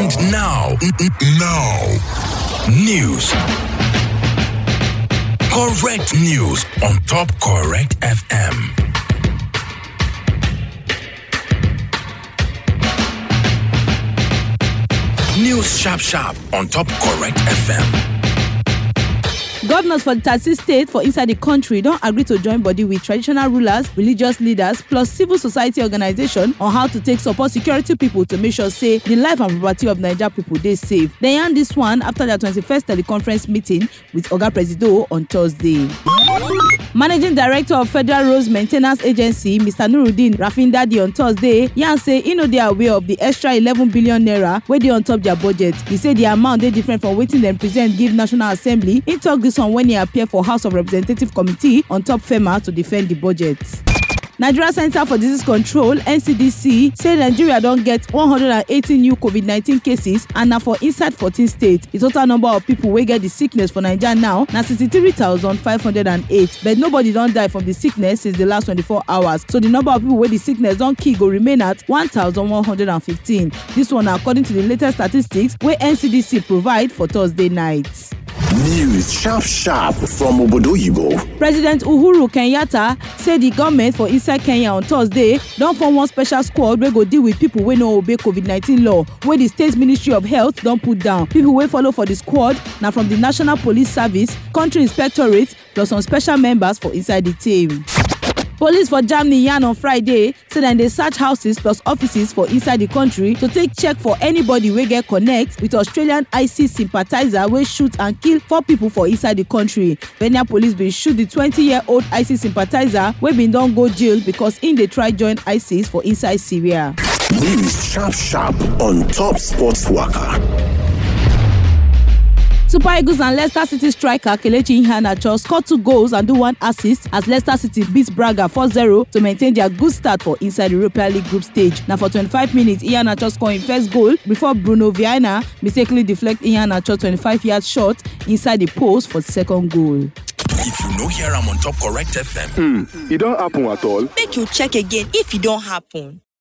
And now, now, news. Correct news on Top Correct FM. News Sharp Sharp on Top Correct FM. Governors for the 36 states for inside the country don agree to join body with traditional rulers, religious leaders, plus civil society organizations on how to take support security people to make sure say the life and property of Naija people dey safe. Dem yarn this one after their 21st teleconference meeting with Oga Presido on Thursday. Managing Director of Federal Roads Maintenance Agency, Mr. Nuruddin Rafindadi on Thursday, yarn say e no dey aware of the extra 11 billion naira wey dey on top their budget. He say the amount dey different from wetin dem present give National Assembly. He talk this one when he appear for House of Representatives Committee on top FEMA to defend the budget nigeria centre for disease control ncdc say nigeria don get 180 new covid-19 cases and na for inside 14 states the total number of people wey get the sickness for naija now na 63508 but nobody don die from the sickness since the last 24 hours so the number of people wey the sickness don kill go remain at 1115 dis one na according to the latest statistics wey ncdc provide for thursday night. News sharp sharp from Obodo Obodoyibo. President Uhuru Kenyatta say di goment for inside Kenya on Thursday don form one special squad wey go deal with pipo wey no obey COVID-19 law wey di state ministry of health don put down. Pipo wey follow for di squad na from di National Police Service, Country Inspectorate plus some special members for inside di team. Police for Germany yarn on Friday say dem dey search houses plus offices for inside di country to take check for anybody wey get connect wit Australian ISIS sympathiser wey shoot and kill four pipo for inside di country. Benin police bin shoot di 20-year-old ISIS sympathiser wey bin don go jail becos im dey try join ISIS for inside Syria. News sharp sharp on Top Sports Waka. Super Eagles and Leicester City striker Kelechi Iheanacho scored two goals and do one assist as Leicester City beat Braga 4-0 to maintain their good start for inside the Europa League group stage. Now for 25 minutes, Iheanacho scored his first goal before Bruno Viana mistakenly deflect Iheanacho 25-yard shot inside the post for the second goal. if you no hear am on top correct fm. hmm e don happen at all. make you check again if e don happen.